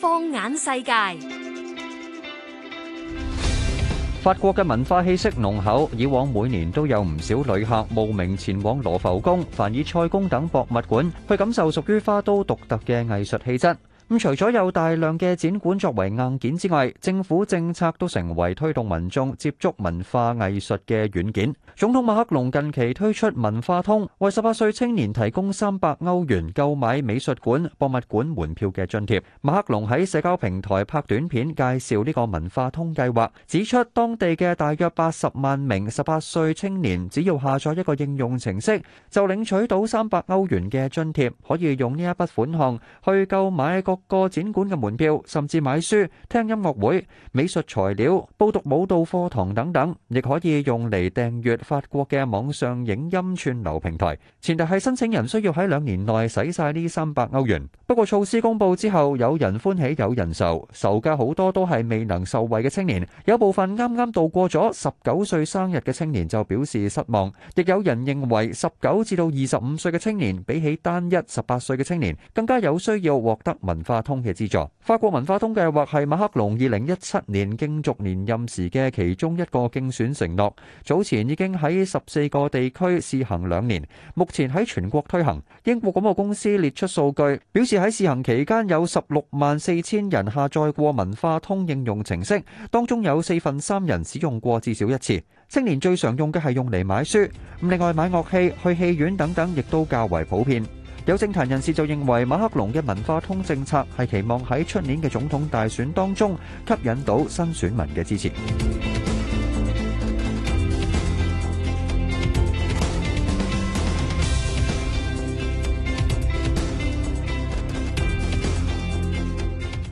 放眼世界，法國嘅文化氣息濃厚，以往每年都有唔少旅客慕名前往羅浮宮、凡爾賽宮等博物館，去感受屬於花都獨特嘅藝術氣質。咁除咗有大量嘅展館作為硬件之外，政府政策都成為推動民眾接觸文化藝術嘅軟件。總統馬克龍近期推出文化通，為十八歲青年提供三百歐元購買美術館、博物館門票嘅津貼。馬克龍喺社交平台拍短片介紹呢個文化通計劃，指出當地嘅大約八十萬名十八歲青年只要下載一個應用程式，就領取到三百歐元嘅津貼，可以用呢一筆款項去購買各個展館嘅門票，甚至買書，聽音樂會、美術材料、報讀舞蹈課堂等等，亦可以用嚟訂閱法國嘅網上影音串流平台。前提係申請人需要喺兩年內使晒呢三百歐元。不過措施公布之後，有人歡喜有人愁，愁嘅好多都係未能受惠嘅青年。有部分啱啱度過咗十九歲生日嘅青年就表示失望，亦有人認為十九至到二十五歲嘅青年比起單一十八歲嘅青年更加有需要獲得文化。文化通嘅資助，法國文化通計劃係馬克龍二零一七年競逐連任時嘅其中一個競選承諾。早前已經喺十四個地區試行兩年，目前喺全國推行。英國廣播公司列出數據，表示喺試行期間有十六萬四千人下載過文化通應用程式，當中有四分三人使用過至少一次。青年最常用嘅係用嚟買書，咁另外買樂器、去戲院等等，亦都較為普遍。有政壇人士就認為，馬克龍嘅文化通政策係期望喺出年嘅總統大選當中吸引到新選民嘅支持。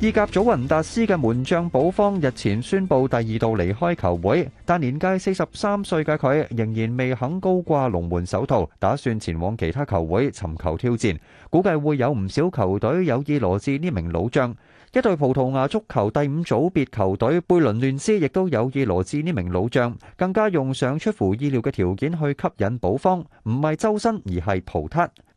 意甲祖雲達斯嘅門將保方日前宣布第二度離開球會，但年屆四十三歲嘅佢仍然未肯高掛龍門手套，打算前往其他球會尋求挑戰。估計會有唔少球隊有意羅致呢名老將。一隊葡萄牙足球第五組別球隊貝倫亂斯亦都有意羅致呢名老將，更加用上出乎意料嘅條件去吸引保方，唔係周薪而係葡撻。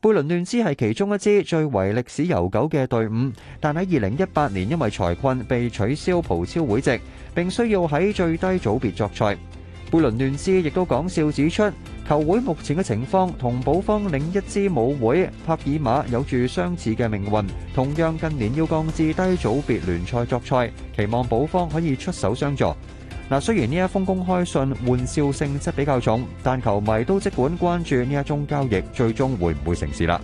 貝倫嫩斯係其中一支最為歷史悠久嘅隊伍，但喺二零一八年因為財困被取消葡超會籍，並需要喺最低組別作賽。貝倫嫩斯亦都講笑指出，球會目前嘅情況同保方另一支舞會帕爾馬有住相似嘅命運，同樣近年要降至低組別聯賽作賽，期望保方可以出手相助。嗱，雖然呢一封公開信玩笑性質比較重，但球迷都即管關注呢一宗交易最終會唔會成事啦。